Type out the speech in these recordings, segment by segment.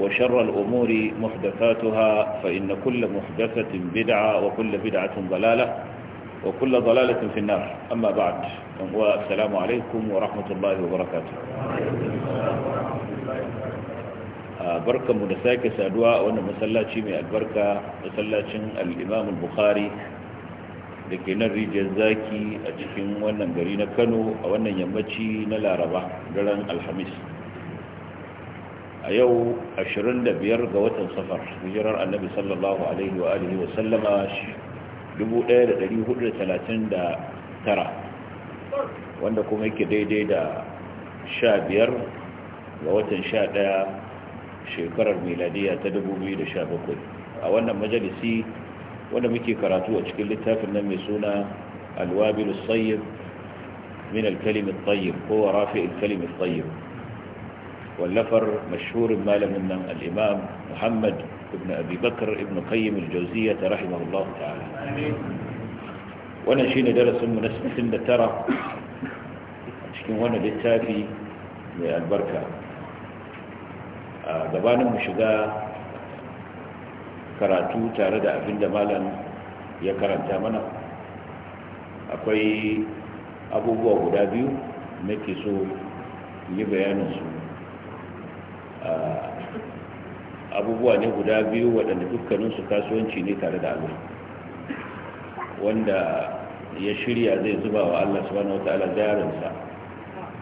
وشر الأمور محدثاتها فإن كل محدثة بدعة وكل بدعة ضلالة وكل ضلالة في النار أما بعد والسلام عليكم ورحمة الله وبركاته بركة منساك سأدواء وأن مسلاتي من البركة مسلاتي الإمام البخاري da ke nan rijiyar zaki a cikin wannan gari na kano a wannan yammaci na laraba daren alhamis a yau 25 ga watan safar hijirar annabi sallallahu alaihi wa alihi wa sallama 1439 wanda kuma yake daidai da 15 ga watan 11 shekarar miladiya ta 2017 a wannan majalisi wanda muke karatu a cikin littafin nan mai suna alwabilus sayyid min alkalimin tayyib ko rafi'il kalimin tayyib والنفر مشهور ما لمنا الإمام محمد بن أبي بكر ابن قيم الجوزية رحمه الله تعالى امين. وانا ونشين درس منسبة لترى وانا لتابي البركة دبانا مشغا كراتو تاردع بند مالا يا كرانتا منا أقوي أبو بوه دابيو نكسو سو. abubuwa ne guda biyu waɗanda dukkaninsu kasuwanci ne tare da Allah wanda ya shirya zai zuba wa Allah subhanahu wataala jarinsa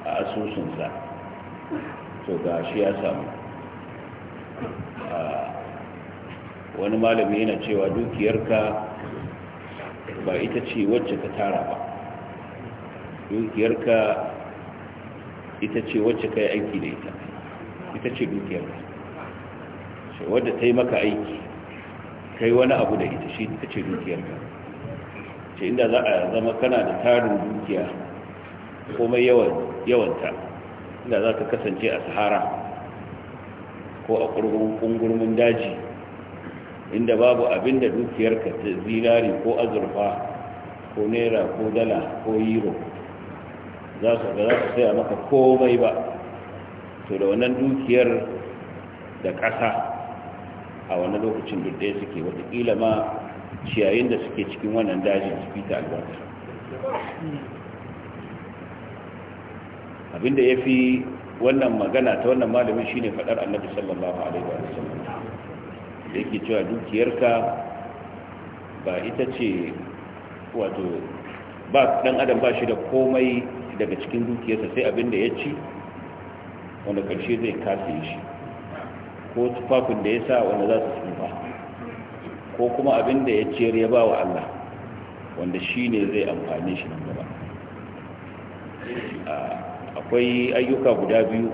a asusunsa to ga shi ya samu wani malami yana cewa dukiyarka ba ita ce wacce ka tara ba dukiyarka ita ce wacce ka yi aiki da ita ita ce dukiyarka shi wadda ta yi maka aiki kai wani abu da ita shi ita ce dukiyarka ce inda za a zama kana da tarin dukiya komai yawanta inda za ka kasance a sahara ko a ƙungurmin daji inda babu abin da dukiyarka ta zinari ko azurfa ko naira ko dala ko euro za su ga za su saya maka komai ba to da wannan dukiyar da ƙasa a wani lokacin duk ɗaya suke watakila ma ciyayin da suke cikin wannan dajin su fita albarka abinda ya fi wannan magana ta wannan malamin shine faɗar annabi sallallahu alaihi wa sallam da yake cewa dukiyarka ba ita ce wato ba ɗan adam ba shi da komai daga cikin dukiyarsa sai abinda ya ci wanda karshe zai kafe shi ko tufafin da ya sa wanda za su tsufa ko kuma abin da ya ciyar ya ba wa Allah wanda shi ne zai amfani shi nan gaba akwai ayyuka guda biyu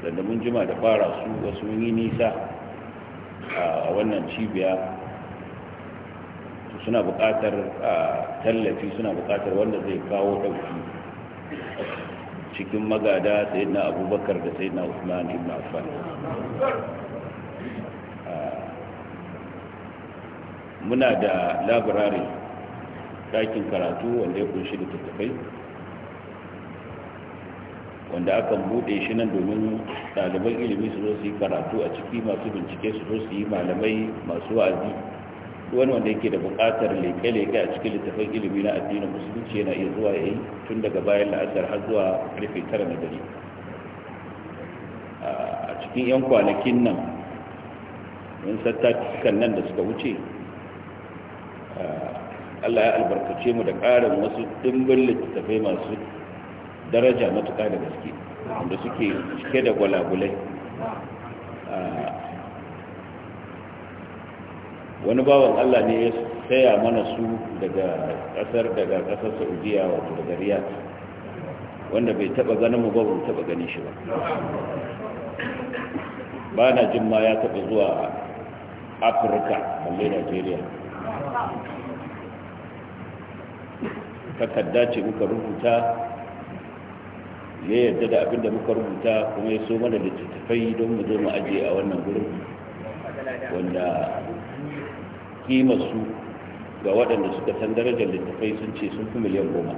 wadanda mun jima da fara su wasu yi nisa a wannan cibiya suna buƙatar tallafi suna bukatar wanda zai kawo ɗauki cikin magada na abubakar da na usman ibn affan ah, muna da labirari ɗakin karatu wanda ya kunshi da tattafai wanda aka buɗe shi nan domin ɗaliban ilimi su zo su yi karatu a ciki masu bincike su zo su yi malamai masu wa'azi wani wanda yake da buƙatar leke-leke a cikin littafin ilimi na addinin musulunci yana iya zuwa yayi tun daga bayan la'asar har zuwa karfe tara na dare a cikin 'yan kwanakin nan mun sattakan nan da suka wuce Allah ya albarkace mu da ƙarin wasu dimbin littattafai masu daraja matuƙa da gaske wanda suke cike da gwalagulai wani bawan Allah ne ya saya mana su daga kasar daga kasar Saudiya wato daga wanda bai taba ganin mu ba bai taba ganin shi ba ba na jin ma ya taba zuwa Afirka balle Najeriya takarda ce muka rubuta ya yarda da abinda muka rubuta kuma ya so mana littattafai don mu zo mu ajiye a wannan gurin wanda kimar ga waɗanda suka san darajar littafai sun ce sun fi miliyan goma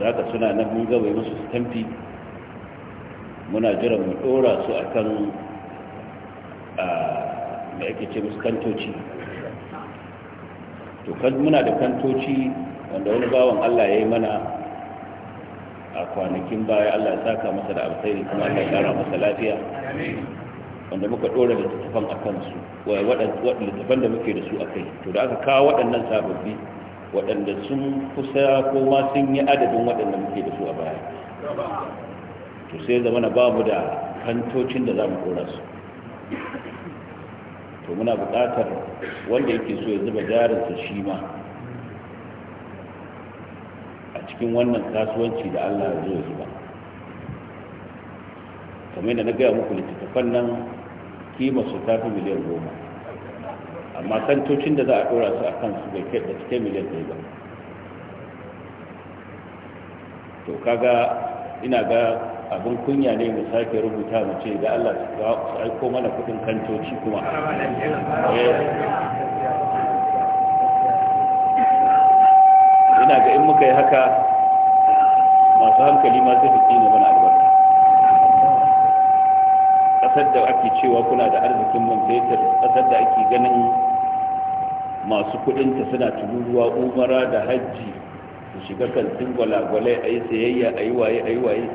za ka suna na mun gaba musu stampi muna jiran mu ɗora su a kan da ake ce musu kantoci to muna da kantoci wanda wani bawan Allah ya yi mana a kwanakin baya Allah ya saka masa da alkhairi kuma Allah ya kara masa lafiya wanda muka dora littattafan a kansu littattafan da muke da su a kai to da aka kawo waɗannan sababbi waɗanda sun kusa ko ma sun yi adadin waɗanda muke da su a baya to sai zama na babu da kantocin da za mu dora su to muna buƙatar wanda yake so ya zuba jarinsa shi ma a cikin wannan kasuwanci da allah ya zo ya zuba kamar da na gaya muku littattafan nan kima su tafi miliyan goma amma kantocin da za a ɗora su a kansu bai kai da cike miliyan ɗaya ba to kaga ina ga abin kunya ne mu sake rubuta mu ce da Allah su aiko mana kudin kantoci kuma eh. ina ga in muka yi haka masu hankali ma sai ne tsine ƙasar da ake cewa kuna da arzikin man fetur ƙasar da ake ganin masu kudinta suna tururuwa umara da hajji su shiga kantin gwalagwalai a yi sayayya a yi waye a yi waye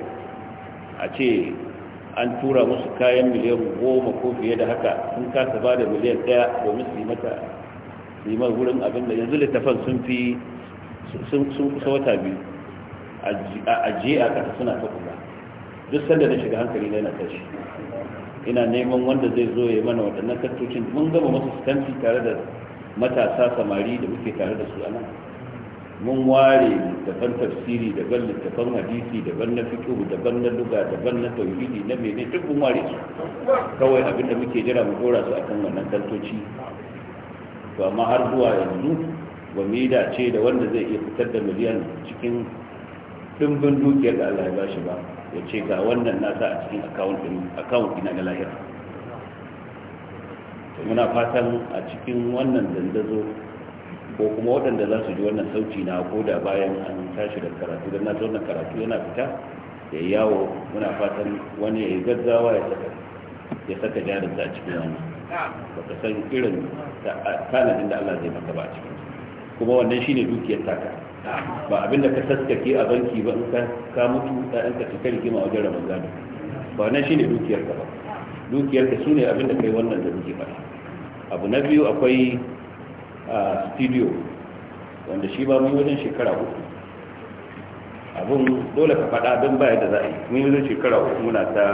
a ce an tura musu kayan miliyan goma ko fiye da haka sun kasa ba da miliyan ɗaya domin su yi mata su yi wurin abin da yanzu littafan sun fi sun kusa wata biyu a je a suna ta kula duk sanda na shiga hankali na yana tashi ina neman wanda zai zo ya mana waɗannan tattocin mun gama masu stamfi tare da matasa samari da muke tare da su a nan mun ware daban tafsiri daban littafan hadisi daban na fiqh daban na luga daban na tauhidi na mene duk mun ware su kawai abin da muke jira mu dora su akan wannan tantoci to amma har zuwa yanzu ba mu yi dace da wanda zai iya fitar da miliyan cikin dimbin dukiyar da Allah ya bashi ba ya ce ga wannan nasa a cikin akawun ina na lahira muna fatan a cikin wannan dandazo ko kuma waɗanda za su ji wannan sauci na ko da bayan an tashi da karatu don na wannan karatu yana fita ya yawo muna fatan wani ya yi gaggawa ya saka jarinta jarinsa a cikin wannan ba ka san irin kanadin da Allah zai maka ba a cikin kuma wannan shine dukiyar taka ba abinda ka saskake a banki ba in ka mutu ɗayan ka cika rigima wajen ramadan ba nan shine dukiyar ka ba dukiyar ka shine abinda kai wannan da muke fara abu na biyu akwai studio wanda shi ba mun wajen shekara uku abun dole ka fada don baya da za a yi mun wajen shekara uku muna ta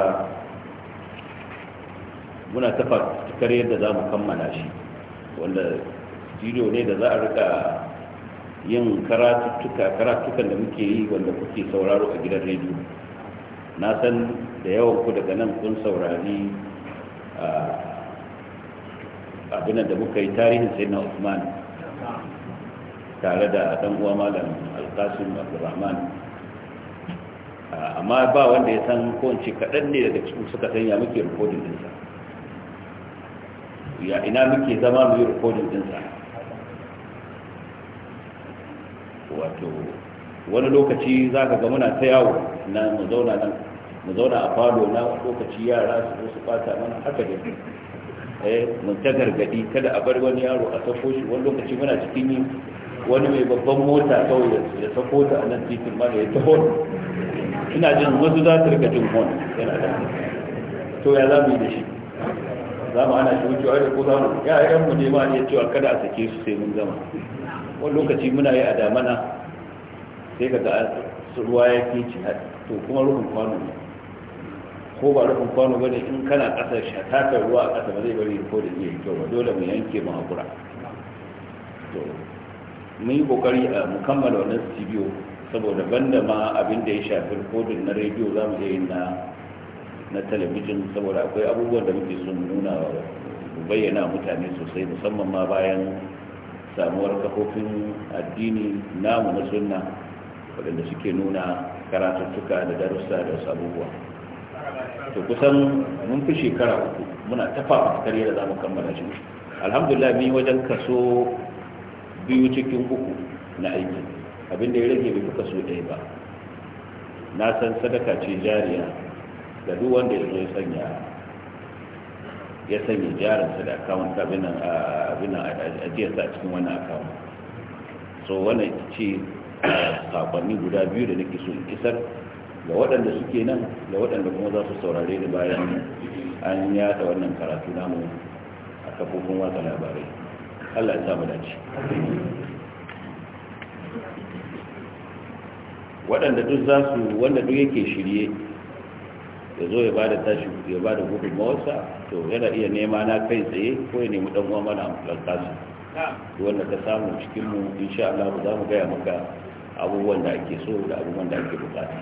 muna ta fatakar yadda za mu kammala shi wanda studio ne da za a rika yin karatuttuka karatukan da muke yi wanda kuke sauraro a gidan rediyo na san da yawan ku daga nan kun saurari abin da muka yi tarihin sai na usman tare da dan uwa malam alkasim amma ba wanda ya san ko kaɗan ne daga cikin suka sanya muke rikodin dinsa ya ina muke zama mu yi rikodin dinsa wato wani lokaci za ka ga muna ta yawo na mu zauna nan mu zauna a falo na lokaci yara su zo su fata mana haka da eh mun ta gargadi kada a bar wani yaro a sako shi wani lokaci muna cikin yi wani mai babban mota kawai ya sako ta a nan titin ma ya taho ina jin wasu za su rika jin hon yana da to ya za mu yi da shi za mu ana shi wucewa da ko za mu ya ayyan mu ne ma iya cewa kada a sake su sai mun zama wani lokaci muna yi a damana sai ka ga ruwa ya fi ci to kuma rufin kwano ne ko ba rufin kwano ba ne in kana ƙasa shatakar ruwa a ƙasa ba zai bari ko da zai kyau ba dole mu yanke mu haƙura to mun yi ƙoƙari a mu kammala wannan studio saboda banda ma abin da ya shafi rikodin na rediyo za mu iya yin na na talabijin saboda akwai abubuwan da muke sun nuna bayyana mutane sosai musamman ma bayan samuwar kafofin addini namu na sunna waɗanda suke nuna karatattuka da darussa da sabuwa to kusan mun fi shekara uku muna tafa yadda da mu kammala shi alhamdulillah mun wajen kaso biyu cikin uku na aiki abinda ya rage bai fi kaso ɗaya ba na san sadaka ce jariya da duk wanda ya zo ya sanya ya sanya jarinsa da akawun abin a jiyarsa a cikin wannan akawun so wani ce eh, sakonni guda biyu da nake so kisar da waɗanda suke nan da waɗanda kuma za su saurare da bayan an yata wannan karatu namu a kafofin watsa labarai allah ya samu dace waɗanda duk za su wanda duk yake shirye ya zo ya bada tashi ya bada mawarsa to yana iya nema na kai tsaye ko ya nemi dan uwa mana amfanta su wanda ka samu cikin mu insha Allah za mu gaya maka abubuwan da ake so da abubuwan da ake bukata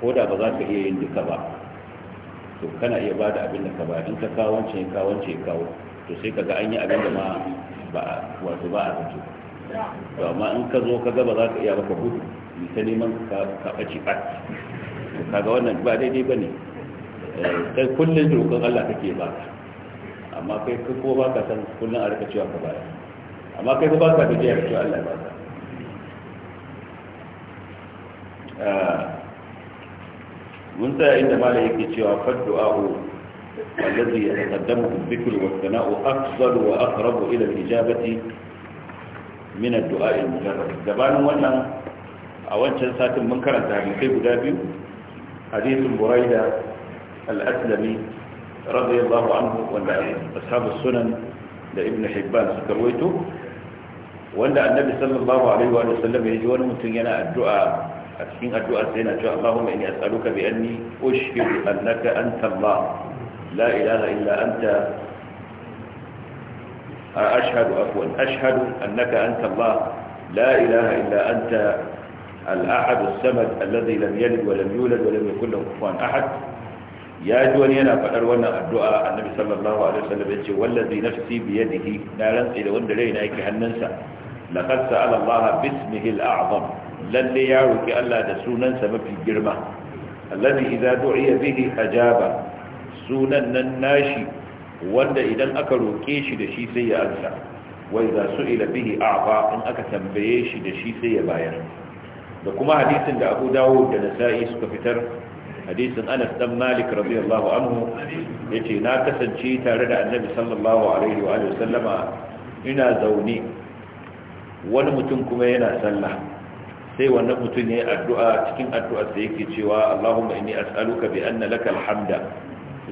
ko da ba za ka iya yin duka ba to kana iya bada abin da ka ba in ka kawo wancan ya kawo wance ya kawo to sai kaga an yi abin da ma ba wato ba a zato to amma in ka zo ka ga ba za ka iya baka gudu ta neman ka ɓaci ba. kaga wannan ba daidai ba ne sai eh, kullum roƙon Allah kake ba amma kai ka ko baka san kullum a rikacewa ka baya amma kai ka baka da jiya ka cewa Allah ba ka eh, mun tsaya inda mala yake cewa faddu a'u wallazi ya taƙaddamu bikir wa sana'u aksaru wa aqrabu ila ijabati min ad-du'a al-mujarrad gabanin wannan a wancan satin mun karanta mun kai guda biyu حديث بريدة الأسلمي رضي الله عنه وأن أصحاب السنن لابن حبان سكرويته وأن النبي صلى الله عليه وآله وسلم يجي ونمتن ينا الدعاء أكسين الدعاء سينا جاء اللهم إني أسألك بأني أشهد أنك أنت الله لا إله إلا أنت أشهد أفوا أشهد أنك أنت الله لا إله إلا أنت الأحد السمد الذي لم يلد ولم يولد ولم يكن له كفوا ahad ya ji wani yana faɗar wannan addu'a annabi sallallahu alaihi wasallam yace wallazi nafsi bi yadihi na rantsi da wanda raina yake hannunsa laqad sa'ala Allah bismihi al-a'zam lalle ya roki Allah da sunansa mafi girma allazi idza du'iya bihi ajaba sunan nan nashi wanda idan aka roke shi da shi sai ya ansa wa idza su'ila bihi a'fa in aka tambaye shi da shi sai ya bayar da kuma hadisin da abu Dawud da nasa'i suka fitar hadisin anas dan malik radiyallahu anhu yace na kasance tare da annabi sallallahu alaihi wa alihi sallama ina zaune wani mutum kuma yana sallah sai wannan mutum yayi addu'a cikin addu'ar sa yake cewa Allahumma inni as'aluka bi anna laka alhamda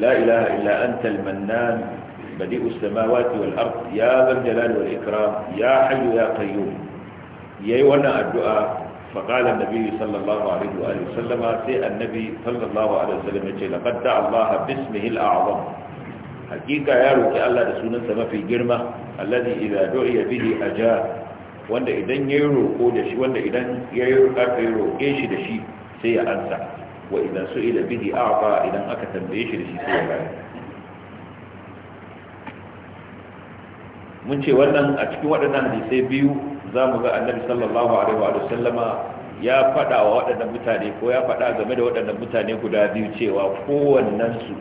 la ilaha illa anta almannan badi'u samawati wal ard ya dhal jalali wal ikram ya hayyu ya qayyum yayi wannan addu'a فقال النبي صلى الله عليه وآله وسلم سي النبي صلى الله عليه وسلم لقد الله باسمه الأعظم حقيقة يا روكي الله رسولنا سما في جرمة الذي إذا دعي به أجاب idan ya yi roƙo da shi wanda idan ya yi roƙe shi da shi sai ya ansa wa idan su ila bihi a'fa idan aka tambaye shi da shi sai ya mun ce wannan a cikin waɗannan hadisai biyu za mu ga annabi sallallahu alaihi wa sallama ya faɗa wa waɗannan mutane ko ya faɗa game da waɗannan mutane guda biyu cewa kowannensu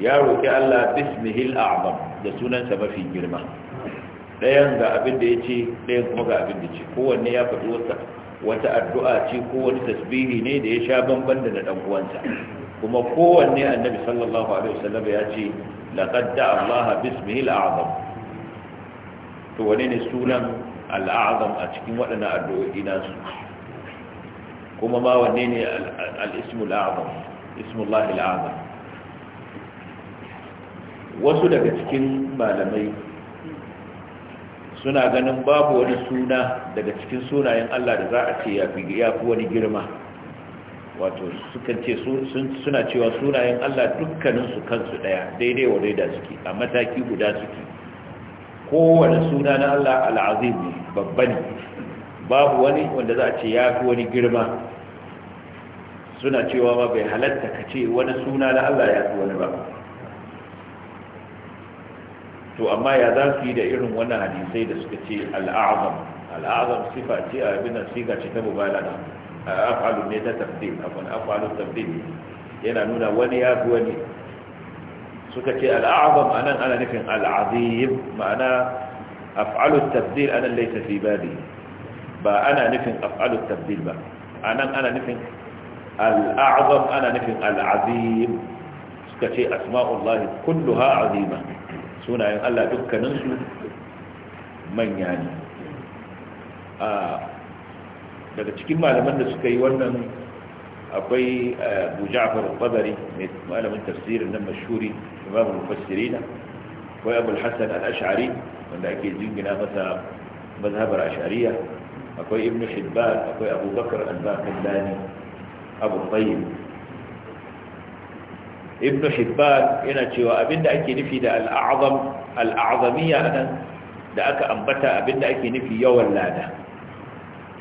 ya roƙi Allah bismihil a'zam da sunansa mafi girma ɗayan ga abin da ya ce ɗayan kuma ga abin da ce kowanne ya faɗi wata wata addu'a ce ko wani tasbihi ne da ya sha bamban da ɗan uwansa kuma kowanne annabi sallallahu alaihi wasallam ya ce laqad da'a Allah bismihil a'zam to wane ne sunan al'azam a cikin waɗannan addu'o'i nasu kuma ma wanne ne al'ismul azam ismullahi al'azam wasu daga cikin malamai suna ganin babu wani suna daga cikin sunayen Allah da za a ce ya fi wani girma wato sukan ce suna cewa sunayen Allah dukkaninsu kansu daya daidai wa daida suke a mataki guda suke kowane suna na Allah al'azim ne babba babu wani wanda za a ce ya fi wani girma suna cewa ma bai halatta ka ce wani suna na Allah ya fi wani ba to amma ya za su yi da irin wannan hadisai da suka ce al'azam al'azam sifa ce a abin nan siga ce ta mubalaga afalu ne ta tafdil abin afalu tafdil yana nuna wani ya fi wani suka ce al'azam anan ana nufin al'azim ma'ana af'alu tabdil anan laysa fi babi ba ana nufin af'alu tabdil ba anan ana nufin al'azam ana nufin al'azim suka ce asma'ullah kulluha azima sunayen Allah dukkanin su manya ne daga cikin malaman da suka yi wannan akwai eh, abu ja'far al-qadari mai malamin tafsirin nan mashhuri imam mufassirina akwai abu al-hasan al-ash'ari wanda ake jingina masa mazhabar ash'ariya akwai ibn hibban akwai abu bakar al-bakallani abu tayyib ibn hibban yana cewa abinda ake nufi da al-a'zam al-a'zamiyya nan da aka ambata abinda ake nufi yawan lada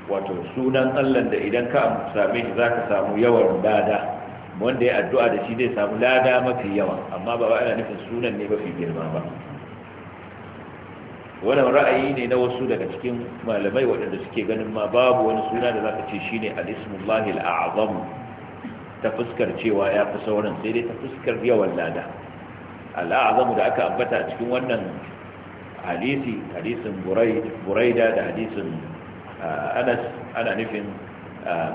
wato sunan Allah da idan ka same shi zaka samu yawan lada wanda ya addu'a da shi zai samu lada mafi yawa amma ba ba ana nufin sunan ne mafi girma ba wannan ra'ayi ne na wasu daga cikin malamai waɗanda suke ganin ma babu wani suna da zaka ce shine al-ismullahi ta fuskar cewa ya fi sauran sai dai ta fuskar yawan lada alazamu da aka ambata a cikin wannan hadisi hadisin buraida da hadisin anas ana nufin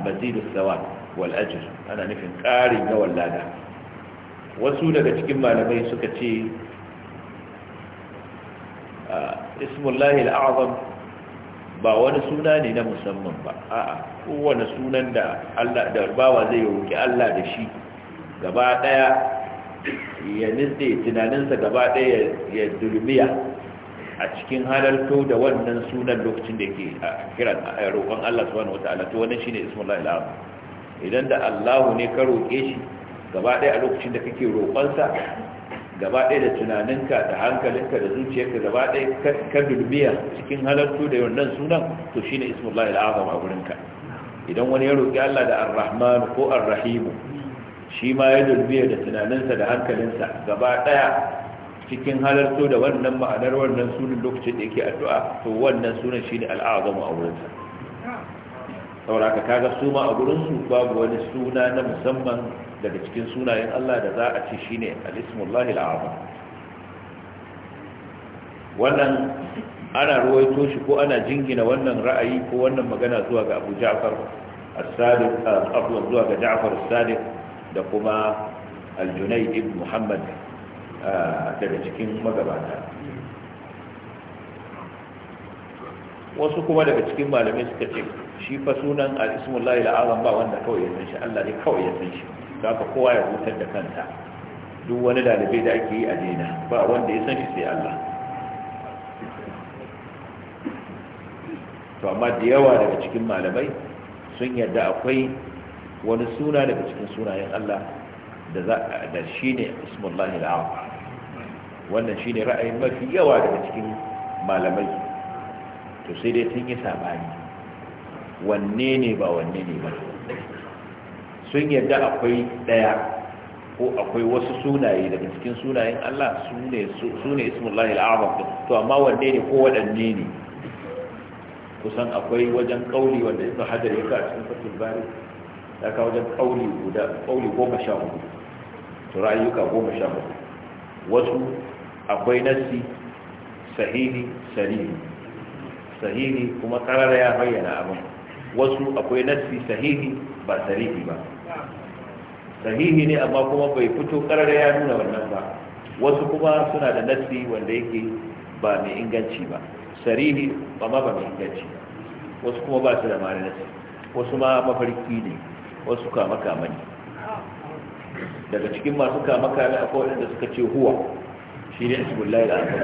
mazidu thawab wal ana nufin ƙarin yawan lada wasu daga cikin malamai suka ce ismullahi al'azam ba wani suna ne na musamman ba a'a kowane sunan da Allah da bawa zai roki Allah da shi gaba daya ya nitse tunaninsa gaba daya ya durmiya a cikin halarto da wannan sunan lokacin da ke a kiran roƙon Allah subhanahu wataala to wannan shine ismullahi al'azam idan da Allah ne ka roƙe shi gaba ɗaya a lokacin da kake roƙon sa gaba ɗaya da tunaninka da hankalinka da zuciyarka gaba ɗaya ka dulmiya cikin halarto da wannan sunan to shine ismullahi al'azam a gurinka idan wani ya roƙi Allah da ar-rahman ko ar-rahim shi ma ya dulmiya da tunaninsa da hankalinsa gaba ɗaya cikin halarto da wannan ma'anar wannan sunan lokacin da yake addu'a to wannan sunan shine al'azamu a wurinsa sauraka kaga su ma a su babu wani suna na musamman daga cikin sunayen Allah da za a ce shine al-ismullahi wannan ana ruwaito shi ko ana jingina wannan ra'ayi ko wannan magana zuwa ga Abu Ja'far as-Sadiq eh, zuwa ga Ja'far as-Sadiq da kuma al-Junayd ibn Muhammad daga cikin magabata wasu kuma daga cikin malamai suka ce shi fa sunan al-ismullahi al-azam ba wanda kawai ya san shi Allah ne kawai ya san shi ka kowa ya rutar da kanta duk wani dalibai da ake yi a dina ba wanda ya san shi sai Allah to amma da yawa daga cikin malamai sun yarda akwai wani suna daga cikin sunayen Allah da shi ne ismullahi al'awar wannan shine ra'ayin mafi yawa daga cikin malamai to sai dai sun yi sabani wanne ne ba wanne ne ba sun yadda akwai ɗaya ko akwai wasu sunaye daga cikin sunayen Allah su ne su ne to amma wanne ne ko waɗanne ne kusan akwai wajen kauli wanda ya hajar ya ka cikin fatul bari da ka wajen kauli guda kauli goma sha hudu to ra'ayuka goma sha hudu wasu akwai nassi sahihi sahihi sahihi kuma karara ya bayyana abin wasu akwai nassi sahihi ba sahihi ba sahihi ne amma kuma bai fito karara ya nuna wannan ba wasu kuma suna da nassi wanda yake ba mai inganci ba ba amma ba mai inganci wasu kuma ba su da mara nassi wasu ma mafarki ne wasu kama kama ne daga cikin masu kama kama akwai wanda suka ce huwa shi ne asibullah da aka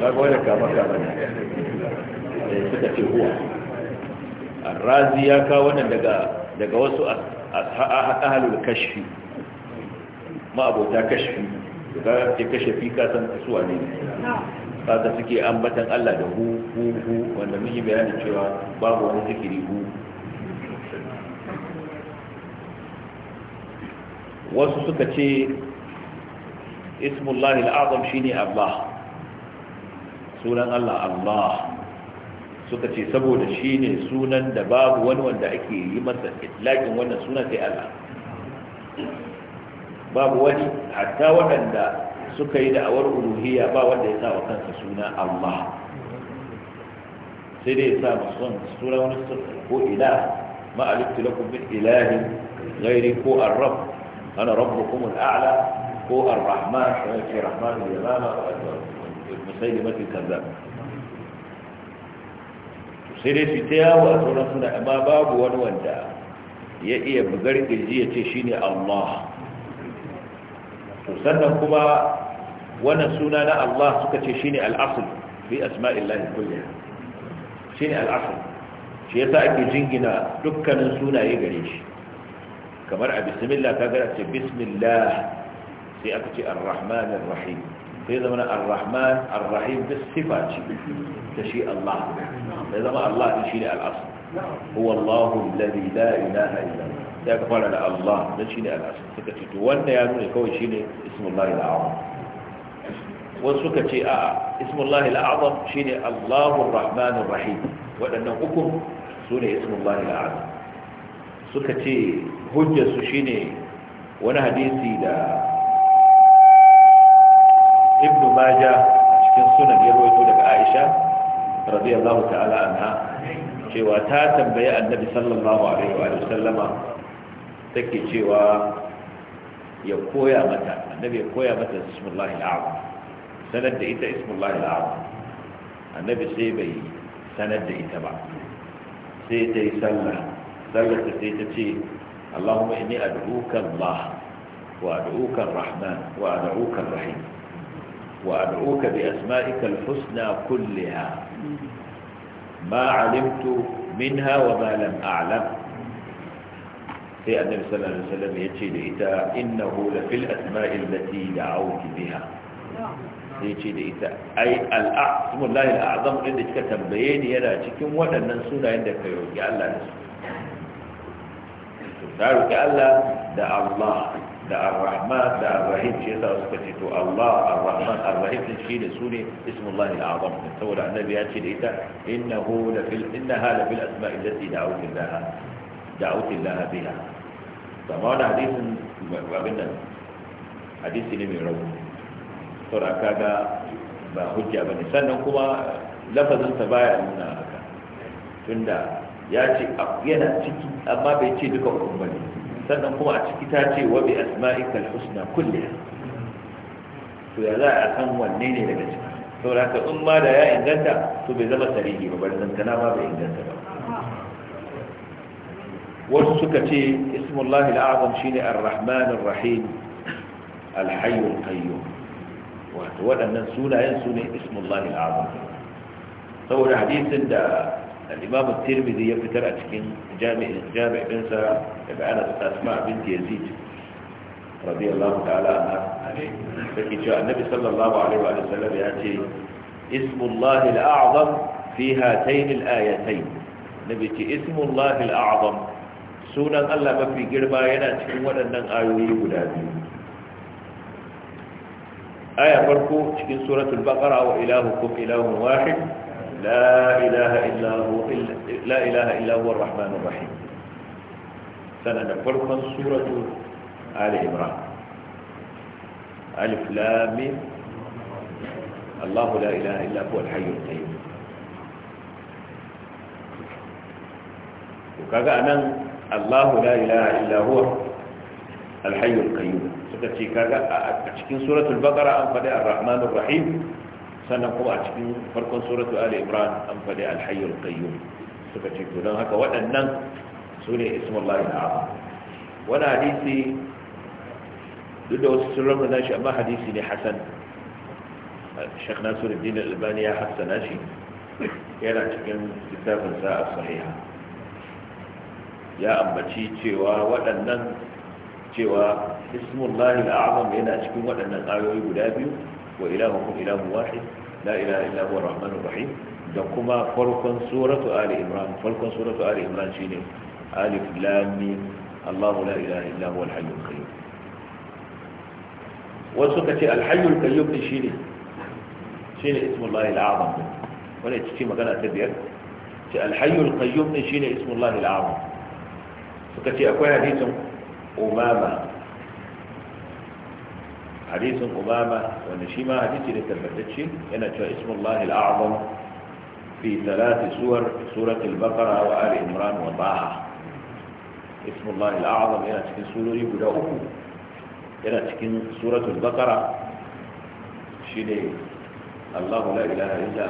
ga wani kama kama ne eh, suka ce huwa razi ya kawo wannan daga daga wasu ahalul kashfi ma'abota kashfi ka ce fi kasan kasuwa ne ta suke ambatan Allah da hu hu hu wanda mun yi bayanin cewa babu wani zikiri hu wasu suka ce ismullahi al'azam shine Allah sunan Allah Allah suka ce saboda shine sunan da babu wani wanda ake yi masa lakin wannan sunan sai Allah babu wani hatta waɗanda suka yi da awar uluhiyya ba wanda ya sa wa kansa sunan Allah sai dai ya sa musulun sunan wani ko ila ma aliktu lakum min ilahin ghairi ko arab ana rabbukum al'a'la ko ar-rahman ko ce rahman ya lama musailimat al-kazzab sai dai fita yawo a sauran suna amma babu wani wanda ya iya bugar kirji ya ce shine Allah to sannan kuma wannan suna na Allah suka ce shine al-asl fi asma'illahi kulliha shine al-asl shi yasa ake jingina dukkanin sunaye gare shi kamar a bismillah kaga ce bismillah sai aka ce ar-rahman ar-rahim sai zama na ar-rahman ar-rahim da sifa ce ta shi Allah sai zama Allah shi ne al-asl huwa Allah alladhi la ilaha illa sai aka fara da Allah da shi ne al-asl suka ce to wanda ya nuna kawai shine ismullahi al-azam wasu suka ce a'a ismullahi al-azam shine Allahu ar-rahman ar-rahim waɗannan uku su ne ismullahi al-azam suka ce hujjarsu shine wani hadisi da ibnu maja a cikin sunan ya rawaito daga aisha radiyallahu ta'ala anha cewa ta tambayi annabi sallallahu alaihi wa sallama take cewa ya koya mata annabi ya koya mata bismillahi al'azim sanar da ita bismillahi al'azim annabi sai bai sanar da ita ba sai ta yi sallah sallar ta sai ta ce Allahumma inni ad'uka Allah wa ad'uka Rahman wa ad'uka Rahim وأدعوك بأسمائك الحسنى كلها ما علمت منها وما لم أعلم في النبي صلى الله عليه وسلم يجي لإتاء إنه لفي الأسماء التي دعوت بها يجي لإتاء أي الأعظم الله الأعظم عندك كتنبيين يلا تكن ولا ننسونا عندك يوجي الله نسونا تعالوا كألا دع الله da ar-rahman da ar-rahim shi yasa suka ce to Allah ar-rahman ar-rahim din shi ne sune ismullahi al-azam saboda annabi ya ce da ita innahu la fil innaha la fil asma'i allati da'awtu Allah da'awtu Allah biha amma wannan hadisin abin nan hadisi ne mai rauni saboda kaga ba hujja bane sannan kuma lafazin sa baya nuna haka tunda ya ce yana ciki amma bai ce duka hukumar. bane sannan kuma a ciki ta ce wa bi asma'ika husna kulliha to ya za a san wanne ne daga ciki saboda haka in ma da ya inganta to bai zama tarihi ba bar zantana ma bai inganta ba wasu suka ce ismullahi al-azam shine ar-rahman ar-rahim al-hayy al-qayyum wato waɗannan sunayen sune ismullahi al saboda hadisin da الإمام الترمذي يفتر أتكين جامع الجامع بن سرى أنا أسماء بنت يزيد رضي الله تعالى عنها فكي جاء النبي صلى الله عليه وآله وسلم يأتي اسم الله الأعظم في هاتين الآيتين نبي اسم الله الأعظم سونا الله ما في قربا ينأتكم ولن آيوي قدامي آية فرقو تكين سورة البقرة وإلهكم إله واحد لا إله إلا هو لا إله إلا هو الرحمن الرحيم سنة فرقا سورة آل عمران ألف لام الله لا إله إلا هو الحي القيوم وكذا أنا الله لا إله إلا هو الحي القيوم سورة البقرة kaga الرحمن الرحيم sannan kuma a cikin farkon suratu ali imran an faɗi alhayyul qayyum suka ce to don haka waɗannan su ne ismullahi ta'ala wani hadisi duk da wasu sun ramuna shi amma hadisi ne hasan shekh nasiruddin albani ya hassana shi yana cikin littafin sa'a sahiha ya ambaci cewa waɗannan cewa ismullahi al'azam yana cikin waɗannan ayoyi guda biyu wa ilahukum ilahu wahid la ilaha illa huwa rahmanur rahim da kuma farkon suratu ali imran farkon suratu ali imran shine alif lam Allahu la ilaha illa huwa al-hayyul qayyum wasu kace al-hayyul qayyum shine shine ismullahi al-azam cikin magana ta biyar ce al-hayyul qayyum din shine ismullahi al-azam suka ce akwai hadisin umama حديث أمامة ونشيمة حديث لتبتتش هنا شاء اسم الله الأعظم في ثلاث سور سورة البقرة وآل إمران وطاها اسم الله الأعظم هنا تكن سورة يبدأ هنا تكن سورة البقرة شيني الله لا إله إلا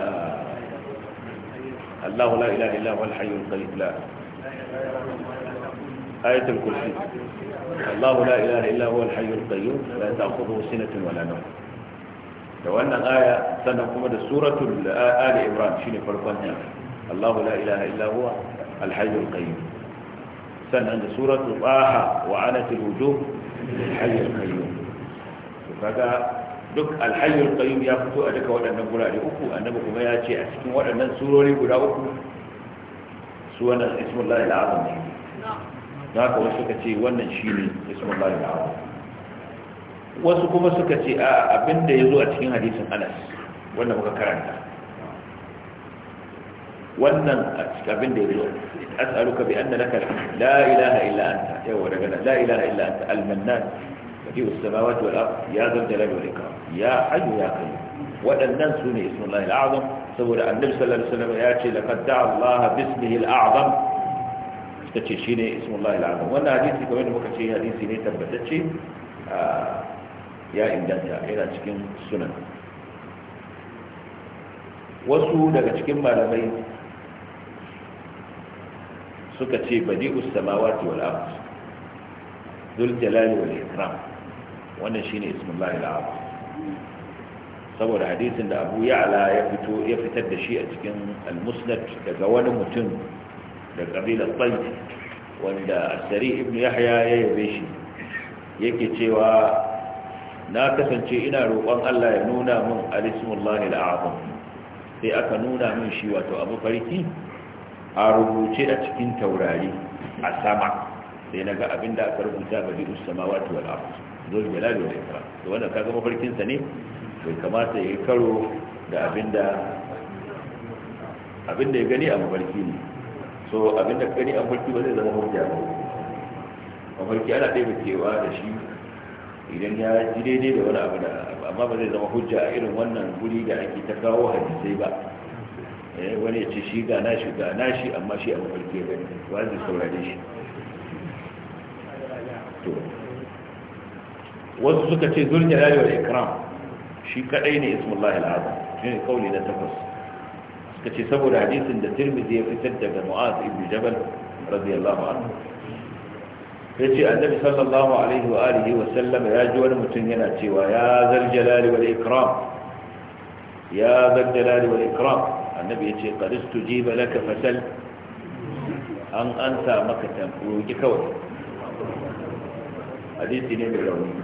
الله لا إله إلا هو الحي القيوم لا, لا, لا, لا, لا, لا, لا, لا. ayatul kursi Allahu la ilaha illa huwa al-hayyul qayyum la ta'khudhuhu sinatun wala nawm da wannan aya sannan kuma da suratul ali imran shine farkon ta Allahu la ilaha illa huwa al-hayyul sannan da suratul taha wa duk alhayyar qayyum ya fito a duka waɗannan gurare uku annabi kuma ya ce a cikin waɗannan surori guda uku su wannan ismullahi al'azam ne za ka wasu suka ce wannan shi ne ismullahi al'azim wasu kuma suka ce a abinda ya zo a cikin hadisin anas wanda muka karanta wannan abinda ya zo as'aluka bi anna laka la ilaha illa anta yawa daga nan la ilaha illa anta al-mannan badi as-samawati wal ard ya zal jalali wal ikram ya hayyu ya qayyum wadannan sune ismullahi al'azim saboda annabi sallallahu alaihi wasallam ya ce laqad da'a Allah bismihi al-a'zam suka ce shine ismullahi al'azam wannan hadisi kamar da muka ce hadisi ne tabbatacce ya inganta yana cikin sunan wasu daga cikin malamai suka ce badi badi'us samawati wal ard dul jalali wa ikram wannan shi ne ismullahi al'azam saboda hadisin da Abu Ya'la ya fito ya fitar da shi a cikin al-Musnad daga wani mutum da kabilar tsanci wanda asari ibn yahya ya yabe shi yake cewa na kasance ina roƙon Allah ya nuna min alismullahi al'azam sai aka nuna min shi wato abu farki a rubuce a cikin taurari a sama sai na ga abin da aka rubuta ba duk samawati wal ardh zul jalali wal ikram to wannan kaga mafarkin sa ne bai kamata yayi karo da da abin da ya gani a mafarki ne so abinda ka gani a mulki ba zai zama hujja ba a mulki ana ɗaya cewa da shi idan ya ji daidai da wani abu da amma ba zai zama hujja a irin wannan guri da ake ta kawo hadisai ba eh, wani ya ce shi ga nashi ga nashi amma shi a mulki ya gani ba zai saurare shi wasu suka ce zurniya yawar ikram shi kadai ne ismullahi al'adam shi ne kauli na takwas suka ce saboda hadisin da tirmidhi ya fitar daga mu'az ibn jabal radiyallahu anhu yace annabi sallallahu alaihi wa alihi wa sallam ya ji wani mutum yana cewa ya zal jalali wal ikram ya zal jalali wal ikram annabi yace qad istujiba laka fasal an ansa maka tambayoyi kawai hadisi ne mai rauni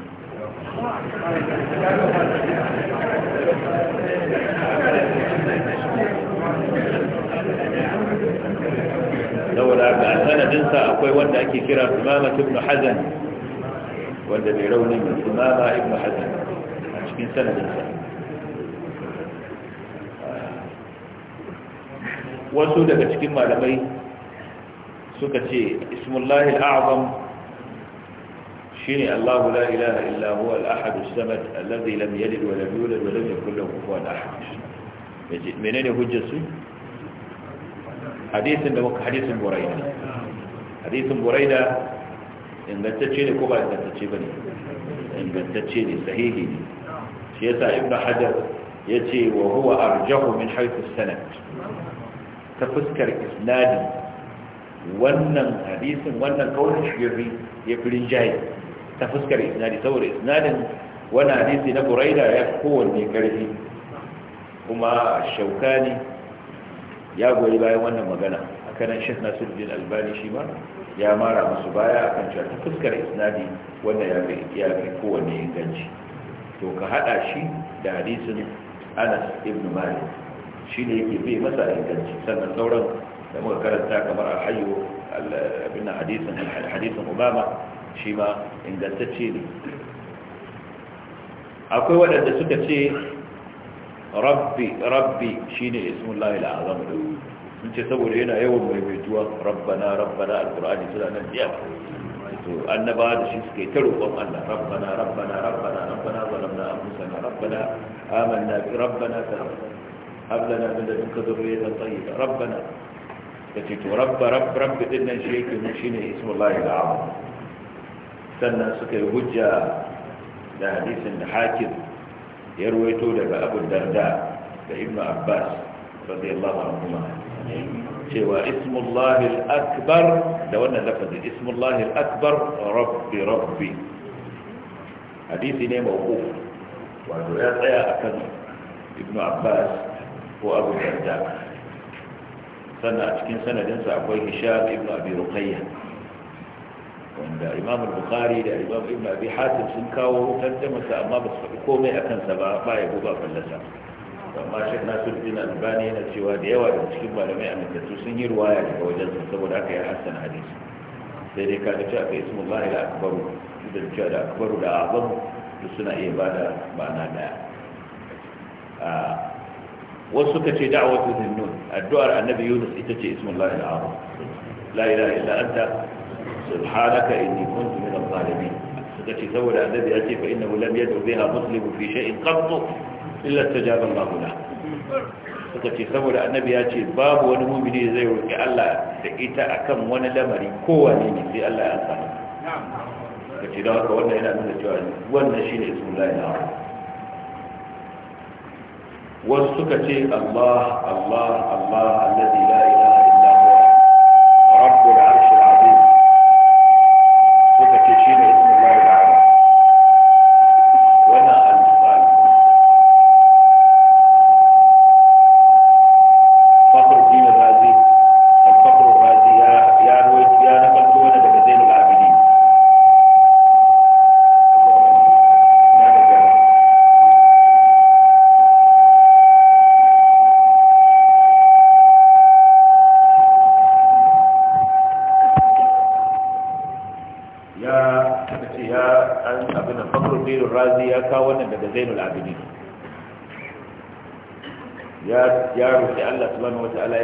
sanadinsa akwai wanda ake kira sumama ibn hazan wanda bai rauni mai sumama ibn hazan a cikin sanadinsa wasu daga cikin malamai suka ce ismullahi al'azam shine Allahu la ilaha illa huwa al-ahad as-samad alladhi lam yalid wa lam yulad wa lam yakul lahu kufuwan ahad menene hujjar su hadisin da muka hadisin burayi hadisin buraida ingantacce ne ko ba ingantacce ba ne ingantacce ne sahihi ne shi yasa ibn hajar ya ce wa huwa arjahu min haythu sanad ta fuskar isnadi wannan hadisin wannan kaunin shirri ya fi rinjaye ta fuskar isnadi saboda isnadin wani hadisi na buraida ya kowanne karfi kuma shaukani ya goyi bayan wannan magana haka nan shek nasiruddin albani shi ma ya mara musu baya akan cewa ta fuskar isnadi wanda ya fi kowanne inganci to ka hada shi da hadisin anas ibn malik shi ne yake bai masa inganci sannan sauran da muka karanta kamar alhayo abin hadisin hadisin obama shi ma ingantacce ne akwai waɗanda suka ce rabbi rabbi shine ismullahi al'azam da sun ce saboda yana yawan mai maimaituwa rabbana rabbana alkur'ani suna nan jiya to annaba da shi suke ta roƙon Allah rabbana rabbana rabbana rabbana zalamna anfusana rabbana amanna bi rabbana hab lana min ladunka dhurriyyatan tayyiba rabbana kace to rabba rabb rabb din nan shi yake mun shine al-azim sannan suka yi hujja da hadisin da hakim ya ruwaito daga abu darda da ibnu abbas radiyallahu anhu cewa ismullahi al-akbar da wannan lafazin ismullahi al-akbar rabbi rabbi hadisi ne mawquf wato ya tsaya a kan Ibn abbas ko abu darda sannan a cikin sanadinsa akwai hisham Ibn abi ruqayya wanda imam bukhari da imam ibnu abi hatim sun kawo tantamasa amma ba su faɗi komai akan sa ba ba ya ba fallasa amma shi na sun bin albani na cewa da yawa da cikin malamai amintattu sun yi ruwaya daga wajen su saboda aka yi hassan hadisi sai dai kaga cewa kai ismu lahi da akbaru da cewa da akbaru da azamu da suna iya ba da ma'ana daya wasu suka ce da'awatu zinnun addu'ar annabi yunus ita ce ismu lahi da azam la ilaha illa anta subhanaka inni kuntu min al-zalimin suka ce saboda annabi ya ce fa innahu lam yad'u biha muslimu fi shay'in qattu illar ta jazan mahula suka ce saboda annabi ya ce babu wani mumini da zai roƙi Allah da ita akan wani lamari kowane ne sai Allah ya samu ka ce don haka wannan yana nuna cewa wannan shi ne ismin layi na wasu suka ce Allah Allah Allah Allah la ilaha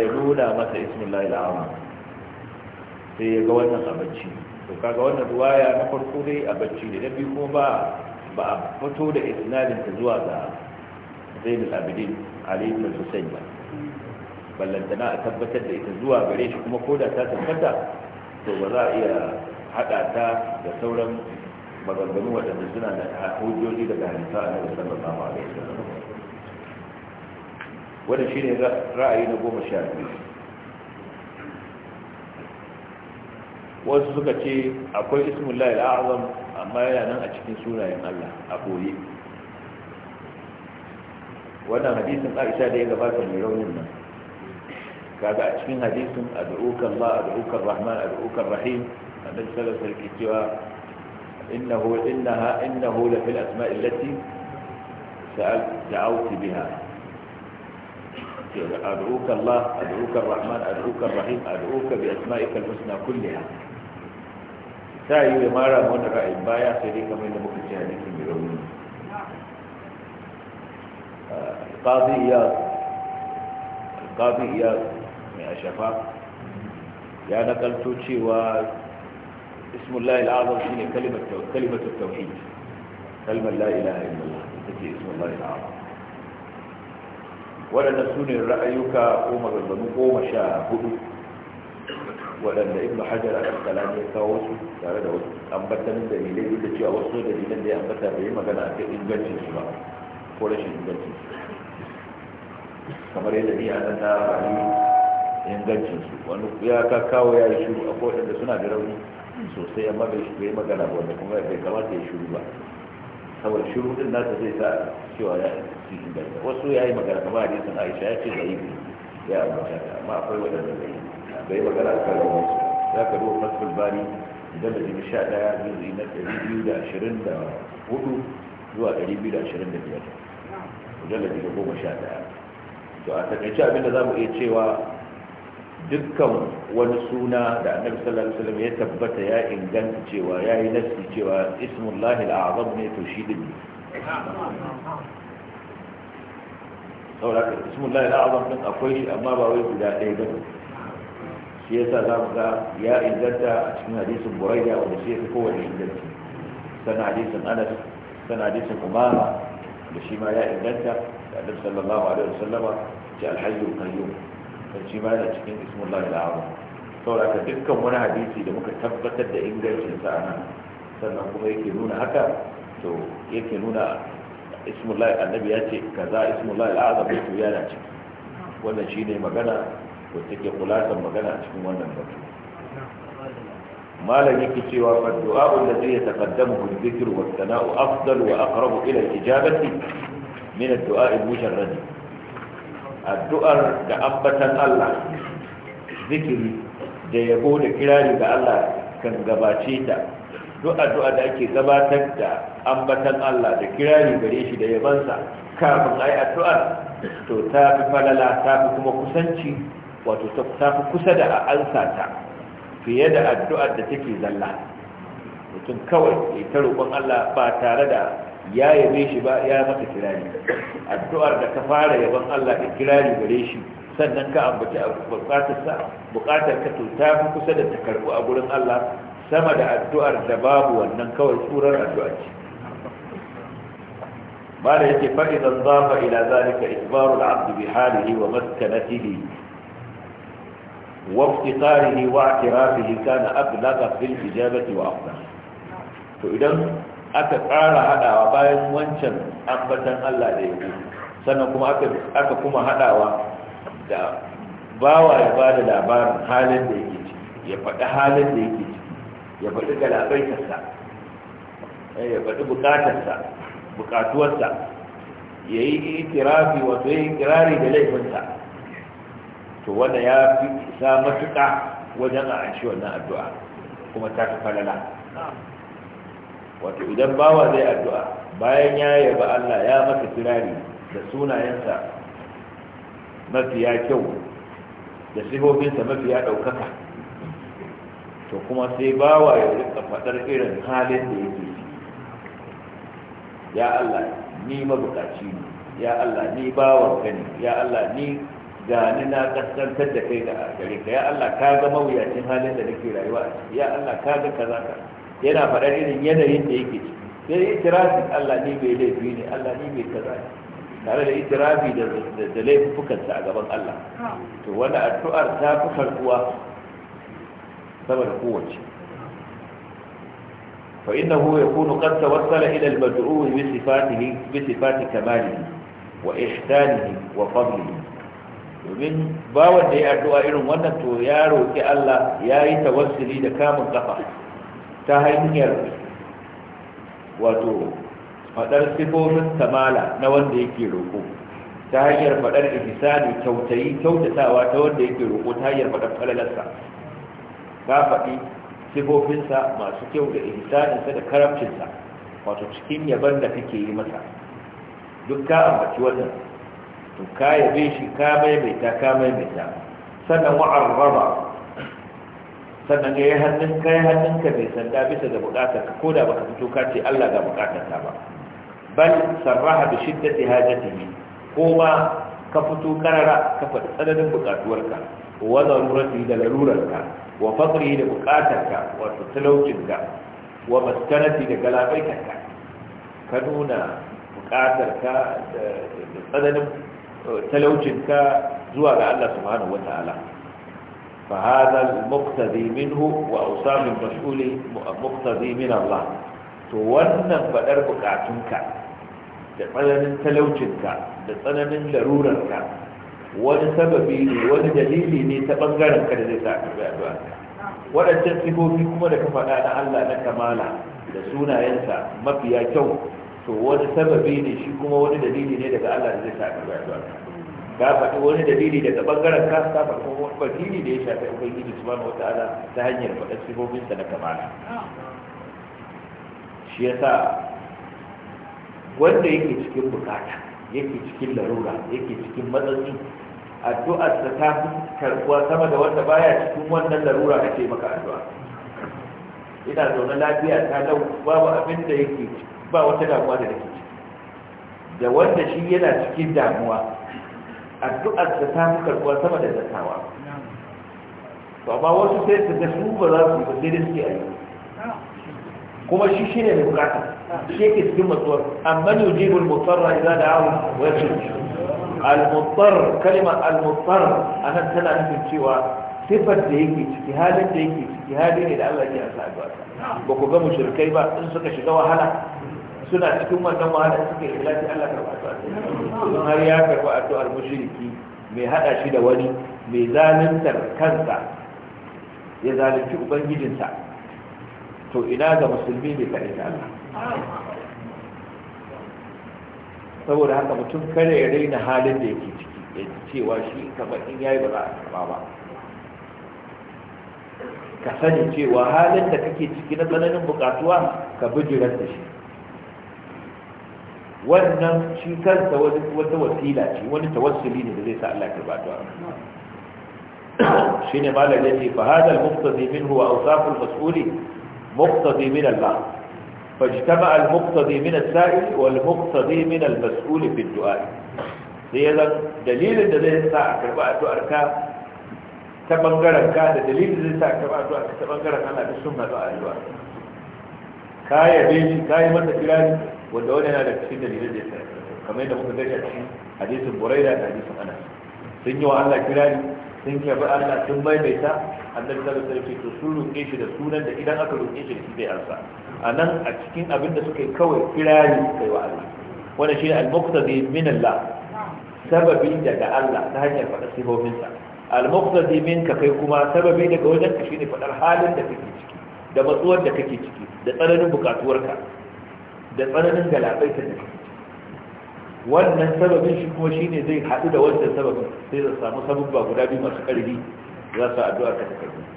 ya nuna masa ismullahi al'azim sai ya ga wannan abacci to kaga wannan ya na farko dai abacci da dabi ko ba ba a fito da isnadin ta zuwa ga zainul abidin ali ibn ba ballantana a tabbatar da ita zuwa gare shi kuma da ta tabbata to ba za a iya haɗa ta da sauran maganganu waɗanda suna da hujjoji daga hadisa a nan sallallahu alaihi wasallam wadda shi ne ra'ayi na goma sha biyu wasu suka ce akwai ismullahi al'azam amma yana nan a cikin sunayen Allah a koyi wannan hadisin Aisha da ya gabata ne raunin nan kaga a cikin hadisin ad'uka Allah ad'uka Rahman da'ukan Rahim a nan alaihi wasallam cewa innahu innaha innahu la fil asma'i allati sa'al da'awti biha أدعوك الله أدعوك الرحمن أدعوك الرحيم أدعوك بأسمائك الحسنى كلها سايو مارا من رأي بايا سيديك من إن مكتش القاضي إياد القاضي إياد من أشفاق يا توتشي و اسم الله الأعظم هي كلمة كلمة التوحيد كلمة لا إله إلا الله تجي اسم الله الأعظم waɗanda su ne ra'ayuka ko maganganu goma sha hudu waɗanda ibn hajar a asqalani ya kawo su tare da wasu ambatan dalilai ne da cewa wasu da ne da ya ambata bai magana ta ingancin su ba ko rashin ingancin su kamar yadda ni an ta bani ingancin su wani ya ka kawo ya yi shuru a ko waɗanda suna da rauni sosai amma bai shi bai magana ba wanda kuma bai kamata ya shuru ba saboda shuru din nasa zai sa cewa ya hadisi inganta wasu ya yi magana kamar hadisin aisha ya ce da yi ya yi magana amma akwai waɗanda bai bai magana a kan rubu su za ka duba fasfal bari idan da jimi sha ɗaya zuzu na ɗari biyu da ashirin da hudu zuwa ɗari biyu da ashirin da biyar wajen da jimi goma sha ɗaya to a takaice abinda za mu iya cewa dukkan wani suna da annabi sallallahu alaihi wasallam ya tabbata ya inganta cewa ya yi nasi cewa ismullahi al'azam ne to shi din saboda ka bismillah na din akwai amma ba wai guda ɗaya ba shi yasa za mu ga ya inganta a cikin hadisin buraida wanda shi fi kowane inganci sannan hadisin anas sannan hadisin umara da shi ma ya inganta da annabi sallallahu alaihi wasallama ce alhayyul qayyum dan shi ma yana cikin bismillah na azam saboda ka dukkan wani hadisi da muka tabbatar da ingancin sa nan sannan kuma yake nuna haka to yake nuna ismullahi annabi ya ce kaza ismullahi al'azam da to yana ciki wannan ne magana ko take kulatan magana a cikin wannan batu malam yake cewa fa du'a allazi yataqaddamu bi-dhikr wa sana'u afdal wa aqrabu ila ijabati min ad-du'a al addu'ar da ambatan Allah zikiri da yabo da kirari ga Allah kan gabace ta duk addu'a da ake gabatar da ambatan Allah da kirari gare shi da yabansa kafin ayi addu'ar to ta fi falala ta fi kuma kusanci wato ta fi kusa da ansa ta fiye da addu'ar da take zalla mutum kawai ya ta roƙon Allah ba tare da ya yabe shi ba ya mata kirari addu'ar da ka fara yaban Allah da kirari gare shi sannan ka ambaci bukatar sa bukatar ka to ta fi kusa da ta karbu a gurin Allah sama da addu'ar da babu wannan kawai tsurar addu'ar. ce ba da yake fa'idan zafa ila zalika isbaru al'abdu bi halihi wa maskanatihi wa iftisarihi wa i'tirafihi kana ablaga fil ijabati wa afdal to idan aka tsara hadawa bayan wancan ambatan Allah da yake sannan kuma aka aka kuma hadawa da bawa ya bada labarin halin da yake ya faɗi halin da yake ya faɗi galabaitarsa eh, ya faɗi bukatarsa bukatuwarsa ya yi ikirafi wato ya yi ikirari da laifinsa to wanda ya fi isa matuƙa wajen a anshi wannan addu'a kuma ta fi falala wato idan bawa zai addu'a bayan ya yaba Allah ya masa kirari da sunayensa mafiya kyau da sifofinsa mafiya ɗaukaka to kuma sai bawa ya rika fadar irin halin da yake ya Allah ni mabukaci ne ya Allah ni bawan ka ne ya Allah ni gani na kaskantar da kai da gare ka ya Allah ka ga mawuyacin halin da nake rayuwa ya Allah ka ga kaza ka yana faɗar irin yanayin da yake ciki sai itirafin Allah ni bai laifi ne Allah ni bai kaza tare da itirafi da laifukansa a gaban Allah to wanda addu'ar ta fi karbuwa sama da kowace fa innahu yakunu qad tawassala ila al-mad'u bi sifatihi bi wa ihsanihi wa fadlihi domin bawan da ya addu'a irin wannan to ya roki Allah ya yi tawassuli da kamun kafa ta hanyar wato fadar sifofin kamala na wanda yake roko ta hanyar faɗar ihsani kyautayi kyautatawa ta wanda yake roƙo ta hanyar faɗar falalarsa ka faɗi sifofinsa masu kyau da ihsaninsa da karamcinsa wato cikin yaban da kake yi masa duk ka ambaci wannan to ka yabe shi ka maimaita ka maimaita sannan wa'arraba sannan ya yi hannun hannunka mai sanda bisa da bukatar ka koda baka fito ka ce Allah ga bukatar ta ba bal sarraha bi shiddati hajatihi ko ma ka fito karara ka faɗi tsananin bukatuwarka وضرورته لضرورتك وفضله لبقاتك وتتلوجك ومسكنتك كلابيتك كنون بقاتك لقدن تلوجك زوال الله سبحانه وتعالى فهذا المقتضي منه وأوسام المسؤول مقتضي من الله تونا فأربك عتنك لقدن تلوجك لقدن لرورتك wani sababi ne wani dalili ne ta bangaren ka da zai sa karbi addu'a waɗancan sifofi kuma da ka faɗa na Allah na kamala da sunayensa mafiya kyau to wani sababi ne shi kuma wani dalili ne daga Allah da zai sa karbi addu'a ka faɗi wani dalili daga bangaren ka ka faɗi wani dalili da ya shafi ubangiji subhanahu wataala ta hanyar faɗan sifofinsa na kamala shi yasa wanda yake cikin bukata yake cikin larura yake cikin matsatsi addu'ar da ta karbuwa sama da wanda baya cikin wannan larura ake maka addu'a ina zaune lafiya ta lau babu abin da yake ba wata damuwa da take da wanda shi yana cikin damuwa addu'ar da ta karbuwa sama da zatawa to amma wasu sai su ga su ba za su ba sai da suke aiki kuma shi shi ne mai bukata shi yake cikin matsuwar amma ne ujibul mutarra idan da'ahu wa yashu al-muttar kalmar al anan tana nufin cewa sifar da yake ciki halin da yake ciki hali ne da Allah ke asa ba ba ku ga mushrikai ba in suka shiga wahala suna cikin wannan wahala suke ikhlasi Allah karba su don har ya karba addu'ar mushriki mai hada shi da wani mai zaluntar kansa ya zalunci ubangijinsa to ina ga musulmi ne kaɗai da Allah saboda haka mutum kada ya raina halin da yake ciki ya cewa shi kamar in yayi ba za a ba ka sani cewa halin da kake ciki na tsananin bukatuwa ka bijirar da shi wannan shi kansa wata wasila ce wani tawassuli ne da zai sa Allah ya karba ta shine malam yace fa hadal muqtadi minhu wa awsaful mas'uli muqtadi min Allah فاجتمع المقتضي من السائل والمقتضي من المسؤول في الدعاء لذا دليل da zai sa a karba addu'ar ka ta bangaren ka da dalilin da zai sa a karba addu'ar ka ta bangaren Allah da sunna da addu'a masa kirari wanda wani yana da cikin dalilin da ya sa kamar yadda muka gani a cikin hadisin Buraida da hadisin Anas sun yi wa Allah kirari sun Allah sun sun shi da sunan da idan aka roƙe shi da a nan a cikin abin da suka yi kawai kirari kai wa Allah wanda shi al-muqtadi min Allah daga Allah ta hanyar faɗa sifofinsa al-muqtadi kai kuma sababi daga wajen ka shine faɗar halin da kake ciki da matsuwar da kake ciki da tsananin bukatuwarka da tsananin ta da wannan sababin shi kuma shine zai haɗu da wannan sababin sai za samu sababba guda biyu masu ƙarfi za su addu'ar ka ta karbi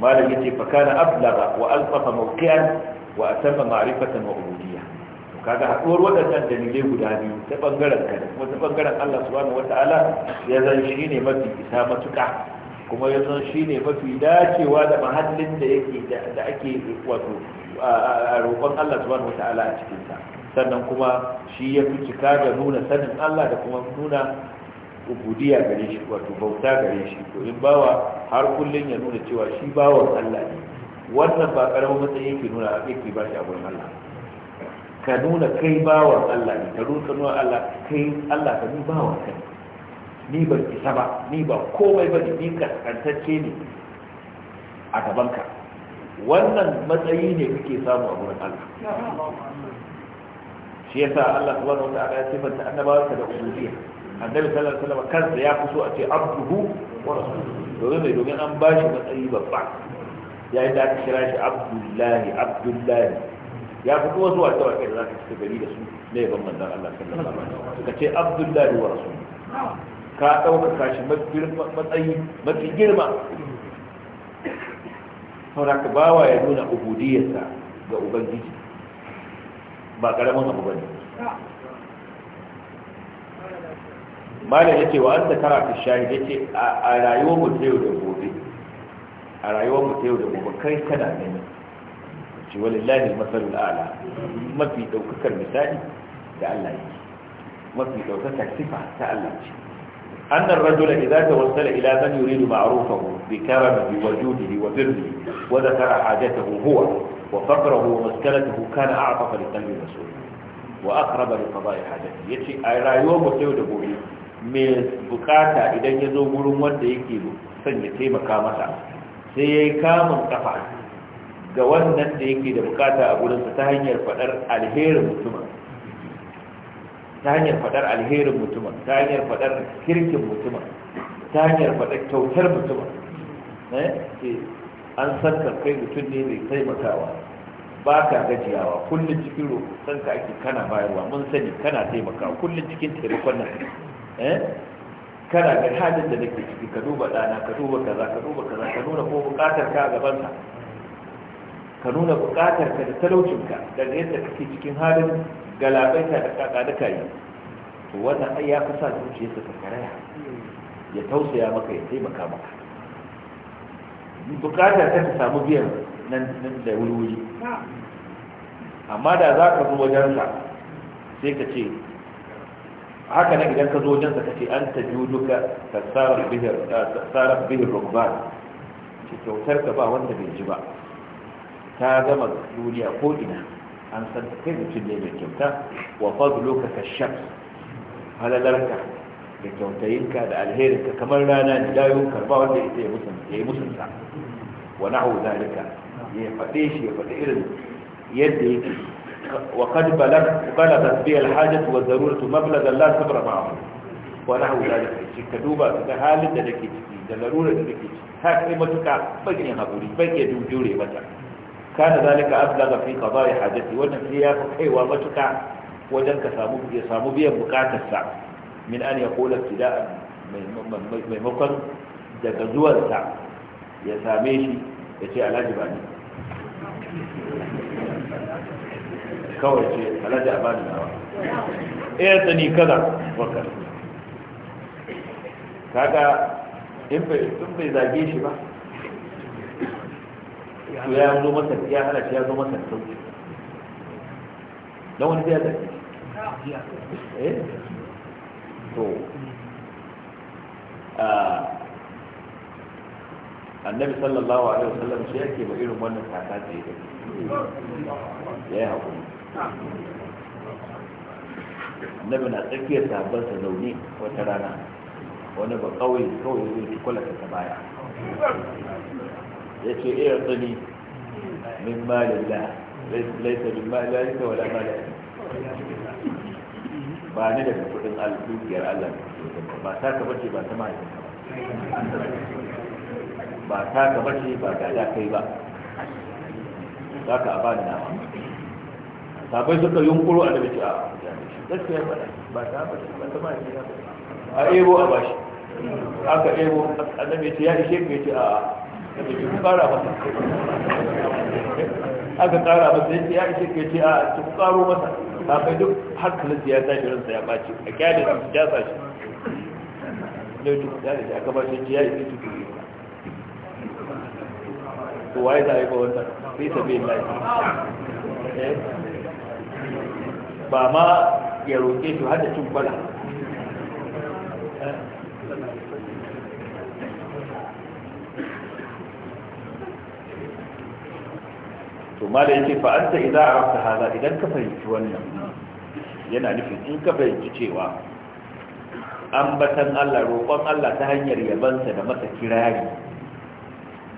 malam yace fa kana ablaga wa alfafa mawqi'an wa atafa ma'rifatan wa ubudiyya to kaga haɗuwar waɗannan dalilai guda biyu ta bangaren ka da kuma ta bangaren Allah subhanahu wata'ala ya zan shine mafi isa matuka kuma ya zan shine mafi dacewa da mahallin da yake da ake wato a roƙon Allah subhanahu wata'ala a cikin sa sannan kuma shi ya fi cika da nuna sanin Allah da kuma nuna ubudiya gare shi wato bauta gare shi to in bawa har kullun ya nuna cewa shi bawan Allah ne wannan ba karamin matsayi yake nuna a yake ba shi abun Allah ka nuna kai bawan Allah ne ka nuna nuna Allah kai Allah ka ni bawan kai ni ba isa ba ni ba komai ba ni ka kantacce ne a gaban ka. wannan matsayi ne kake samu a gurin Allah shi yasa Allah subhanahu wa ta'ala ya sifanta annabawa da ubudiyya annabi sallallahu alaihi wasallam kansa ya fi so a ce abduhu wa rasuluhu domin mai domin an ba shi matsayi babba ya da aka kira shi abdullahi abdullahi ya fi wasu zuwa ta wakai da za ka cika gari da su na yaban manzan Allah sallallahu alaihi wasallam suka ce abdullahi wa rasuluhu ka ɗaukaka shi matsayi mafi girma saboda ka bawa ya nuna ubudiyarsa ga ubangiji ba ƙaramin abu bane ya ce wa an anta tara fi shahid ce a rayuwar mu ta yau da gobe a rayuwar mu ta yau da gobe kai kana gani wani walillahi masalul a'la mafi daukakar misali da Allah yake mafi daukakar sifa ta Allah ce annar rajula idza tawassala ila man yuridu ma'rufahu bi karamihi wa judihi wa birrihi wa dhakara hajatahu huwa wa faqrahu wa maskanatuhu kana a'taqa li qalbi rasul wa aqraba li qada'i hajatihi yace a rayuwar mu ta yau da gobe mai bukata idan ya zo wurin wanda yake son ya taimaka masa sai ya yi kamun kafa ga wannan da yake da bukata a gudunsa ta hanyar faɗar alherin mutumin ta hanyar faɗar alherin mutumin ta hanyar fadar kirkin mutumin ta hanyar fadar kyautar mutumin eh? an san kai mutum ne mai taimakawa ba ka gajiyawa kullum cikin roƙon ka ake kana bayarwa mun sani kana taimakawa kullum cikin taimakon nan Eh? kada ga halin da nake ciki ka duba dana ka duba kaza ka duba kaza ka nuna ko bukatar ka a gaban ka ka nuna bukatar ka da talaucin ka daga yadda kake cikin halin galabaita da kaka da kai to wannan ai ya kusa zuciya ta karaya ya tausaya maka ya taimaka maka bukatar ka ta samu biyan nan da wuri-wuri amma da za ka zo ka sai ka ce haka nan idan ka zo wajen ka ce an ta juduka tasarar bihir tasarar ce kyautar ka ba wanda bai ji ba ta gama duniya ko ina an san ta kai mutum ne mai kyauta wa fadluka ka shams halalarka da kyautayinka da alherinka kamar rana ne dayo karba wanda ita ya musun ya yi musun sa wa na'u zalika ya faɗe shi ya faɗi irin yadda yake وقد بلغ بلغت به الحاجة والضرورة مبلغا لا صبر معه ونحو ذلك ka duba su ga halin da take ciki da larurar da take ciki ta kai matuka bakin haƙuri bakin jure mata kana zalika ablaga fi qada'i hajati wannan sai ya fi kaiwa matuka wajen ka samu ya samu biyan bukatarsa min an ya kula ibtida'an maimakon daga ya same shi ya ce alhaji ba ni kawai ce alhaji a bani nawa eh sani kaza bakar kaga in bai tun bai zage shi ba ya zo masa ya hana shi ya zo masa sauki don wani zai zage eh to annabi sallallahu alaihi wasallam shi yake ba irin wannan kaka ce ya yi haƙuri annabi na tsakiyar sahabbansa zaune wata rana wani ba kawai kawai zai ci kwalata ta baya ya ce iya eh, tsani min malin da laisa min malin da yaka wala malin ba ni daga kudin alfukiyar Allah ba ta ka bace ba ta mahaifin ba ba ta ka bace ba ga ya kai ba za ka abani na ba sabai suka yunkuro a daga cewa gaskiya fada ba ta ba ta ba ma a ebo a bashi aka ebo annabi ce ya ishe ka ce a kace ku kara masa aka kara masa yace ya ishe ka ce a ku karo masa sabai duk hankalin ya tashi ransa ya baci a kyale da ya shi ne duk da ya kama shi ya ishe ku to waye a yi ba wannan sai tabi yi. ba ma ya roƙe su hada cin kwala to ma da yake fa'anta idan a rafta haza idan ka fahimci wannan yana nufin in ka fahimci cewa An batan Allah roƙon Allah ta hanyar yabansa da masa kirari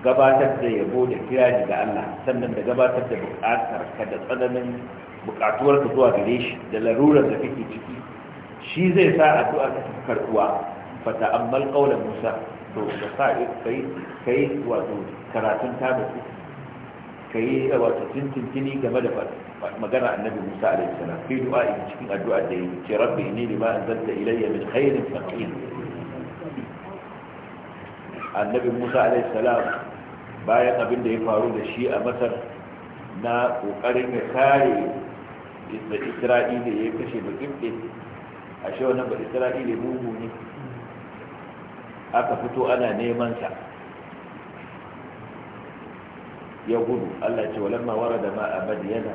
gabatar da yabo da kirari ga Allah sannan da gabatar da buƙatar ka da tsananin bukatuwar ka zuwa gare shi da larurar da kake ciki shi zai sa addu'a ta fi karbuwa fa ta'ammal qawlan musa to ka sa kai kai wato karatun ta mutu kai wato tintintini game da magana annabi musa alaihi salam fi du'a cikin addu'a da yake ce rabbi inni lima anzalta ilayya min khairin faqir annabi musa alaihi salam bayan abin da ya faru da shi a masar na kokarin ya kare da isra'ila ya kashe ba kibbe a shi wannan ba isra'ila mugu ne aka fito ana neman sa ya gudu Allah ce wa walamma warada ma a madiyana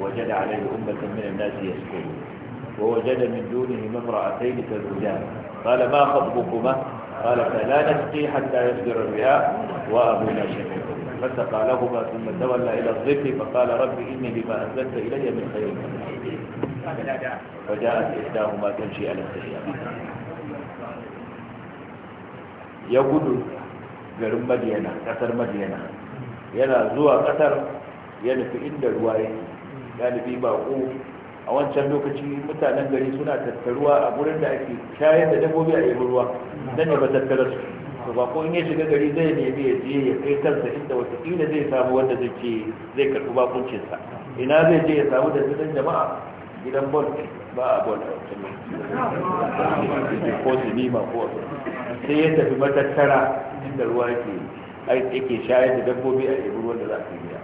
wajada alaihi ummatan min an-nas yasqulu wa wajada min dunihi imra'atayn tazwijan qala ma khatbukuma qala la nasqi hatta yasdira riya wa abuna shafi'a فسقى لهما ثم تولى إلى الظل فقال رب إني لما أنزلت إلي من خير فجاءت إحداهما تمشي على استحياء ya garin madiyana kasar madiyana yana zuwa kasar ya nufi inda ruwa galibi bako a wancan lokaci mutanen gari suna tattaruwa a gurin da ake shayar da dabbobi a yi ruwa don ya ba tattara su to ba ko in ya shiga gari zai nemi ya je ya kai kansa inda watakila zai samu wanda zai ce zai karɓi bakuncinsa ina zai je ya samu da zidan jama'a gidan bol ba a bol ko ko sai ya tafi matattara inda ruwa yake yake shayar da dabbobi a ibi ruwan da za su biya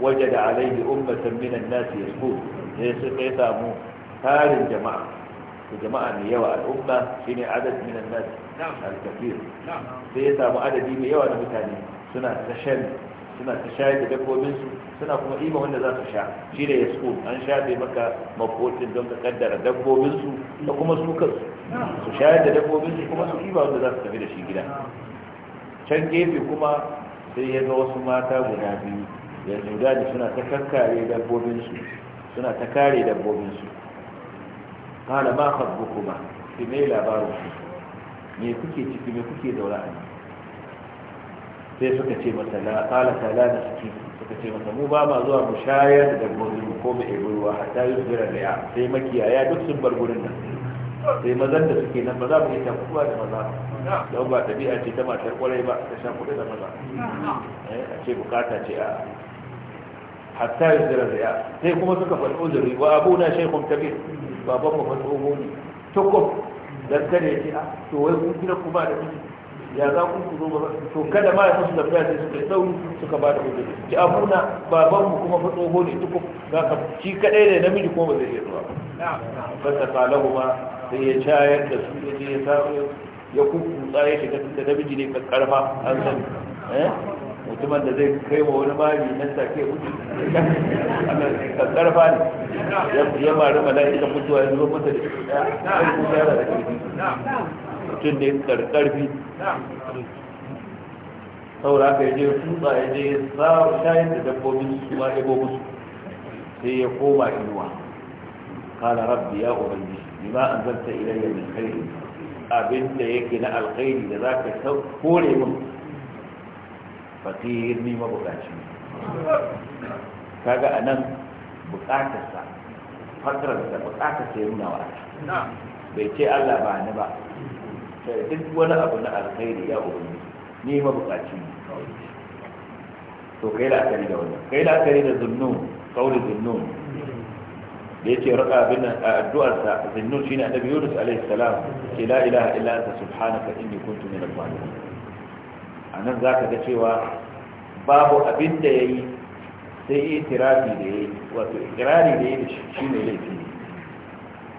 wajen da alaihi ummatan minan nasi yasku sai ya samu tarin jama'a jama'a mai yawa al'umma shine adad min an-nas sai ya samu adadi mai yawa na mutane suna ta shan suna ta shayar da dabbobin su suna kuma ima wanda za su sha shi da yasko an shafe maka makotin don ka kaddara dabbobin su da kuma su kansu su shayar da dabbobin su kuma su ima wanda za su tafi da shi gida can gefe kuma sai ya ga wasu mata guda biyu yanzu gadi suna ta dabbobin su suna ta kare dabbobin su kala ma kuma shi mai labarin me kuke ciki me kuke daura a sai suka ce mata la kala ta da suke suka ce mata mu ba ma zuwa mu shayar da dabbobin ko mu ebi ruwa a yi zira da ya sai makiyaya duk sun bar gurin nan sai mazan da suke nan ba za mu yi takuwa da maza don ba ɗabi'a ce ta matar kwarai ba ta shan kuɗi da maza eh, a ce bukata ce a hatta yi zira da ya sai kuma suka faɗi uzuri wa abu na shaikun kabir baban mu tsoho ne tukum dan kada ya a ah, to wai kun gina ku ba da miji ya za ku ku zo ba to kada ma ya musu da fiya sai suka su suka ba da hujja ki abuna ah, baban mu kuma fa tsoho ne tukum za ka ci kadai da namiji kuma ba zai iya zuwa ba ta kalahu ma sai ya shayar da su ya je ya samu ya kukkutsa ya shiga da namiji ne karfa an sani eh? mutumin da zai kai wa wani mari nan take mutu kankar fani ya mari mala'ika mutuwa ya zo masa da shi ya kuma yana da ƙarfi mutum da ne ƙarfi saboda haka ya je tutsa ya je shayin da dabbobin su ma ya su sai ya koma inuwa kala rabbi ya ubangiji bima an zanta ilayya min khairi abinda yake na alkhairi da zaka kore min fakir ni mabukaci kaga a nan bukatarsa fatararsa bukatar sai nuna wa bai ce allah ba ni ba sai duk wani abu na alkhairi ya ubangi ni mabukaci to kai la'akari da wannan kai la'akari da zunnun kauli zunnun da yake raka abin addu'arsa zunnun shine annabi yunus alaihi salam ce la ilaha illa anta subhanaka inni kuntu minal zalimin a nan za ka ga cewa babu abin da ya yi sai itirafi da ya yi wato ikirari da ya yi shi ne laifi ne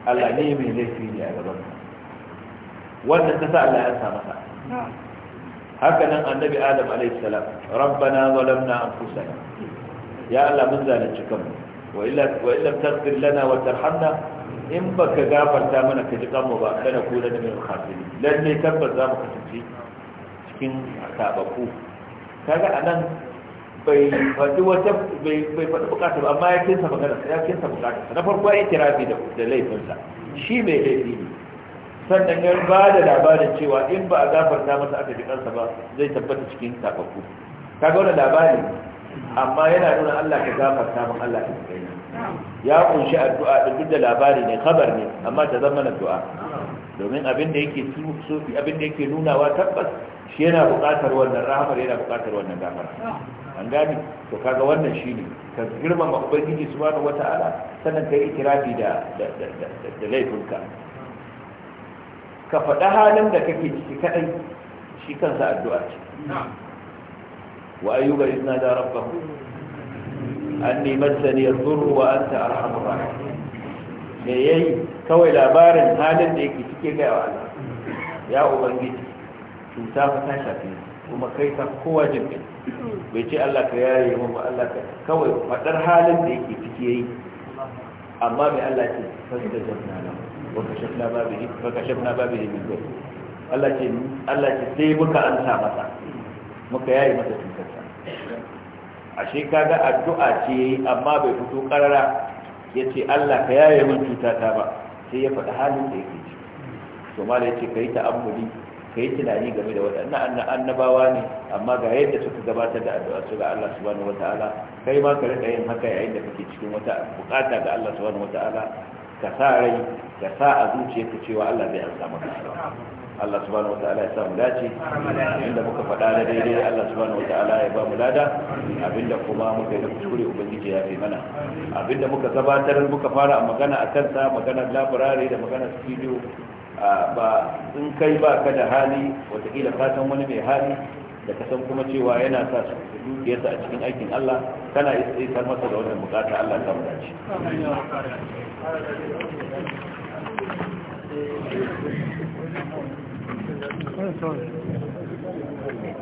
Allah ne mai laifi ne a gaban wannan ta sa Allah ya samu sa haka nan annabi adam alaihi salam rabbana zalamna anfusana ya Allah mun zalunci kanmu wa illa wa illa taghfir lana wa tarhamna in baka gafarta mana ka ji kanmu ba kana kula da mai khasiri lalle tabbas za mu kasance cikin sababbu kaga anan bai faɗi wata bai faɗi bukatar amma ya kinsa magana ya kinsa bukatar na farko ya tirafi da laifinsa shi mai laifi ne sannan ya ba da labarin cewa in ba a gafarta masa aka ji kansa ba zai tabbata cikin sababbu kaga wannan labari amma yana nuna Allah ka gafarta mun Allah ka kai ya kunshi addu'a da duk da labari ne khabar ne amma ta zama na du'a domin abin da yake sufi abin da yake nunawa tabbas shi yana buƙatar wannan rahamar yana buƙatar wannan gafara an gane to kaga wannan shine ka girma, ma ubangiji subhanahu wata'ala sannan kai ikirafi da da da laifinka ka faɗa halin da kake ciki kadai shi kansa addu'a ce wa ayyuba idna da rabbahu anni massani yadhurru wa anta arhamur rahimin me yi? kawai labarin halin da yake cike ga yawa ya ubangiji cuta fa ta shafi kuma kai ka kowa jirgin. bai ce Allah ka yi mu Allah ka kawai fadar halin da yake cike yi. amma mai Allah ce da jabna na wa kashafna babihi fa kashafna yi min Allah ce Allah ce sai muka sa masa muka yaye masa cutar a ashe addu'a ce amma bai fito karara ya ce allah ka yaye min cutata ba sai ya faɗi halin da yake ci to mala ya ce ka yi ta'ammuli ka yi tunani game da waɗannan annabawa ne amma ga yadda suka gabatar da addu'a su ga Allah subhanahu wata'ala kai ma ka rika yin haka yayin da kake cikin wata bukata ga Allah subhanahu wata'ala ka sa rai ka sa a zuciyarka cewa Allah zai amsa maka Allah subhanahu wataala ya samu dace inda muka faɗa da daidai Allah subhanahu wataala ya ba mu lada abinda kuma muka yi kuskure ubangiji ya fi mana abinda muka gabatar muka fara magana a kansa magana labarare da magana studio ba in kai ba ka da hali watakila ka san wani mai hali da ka san kuma cewa yana sa su dukiyarsa a cikin aikin Allah kana isa isar masa da wannan bukata Allah ta mu dace Thank you. That's all.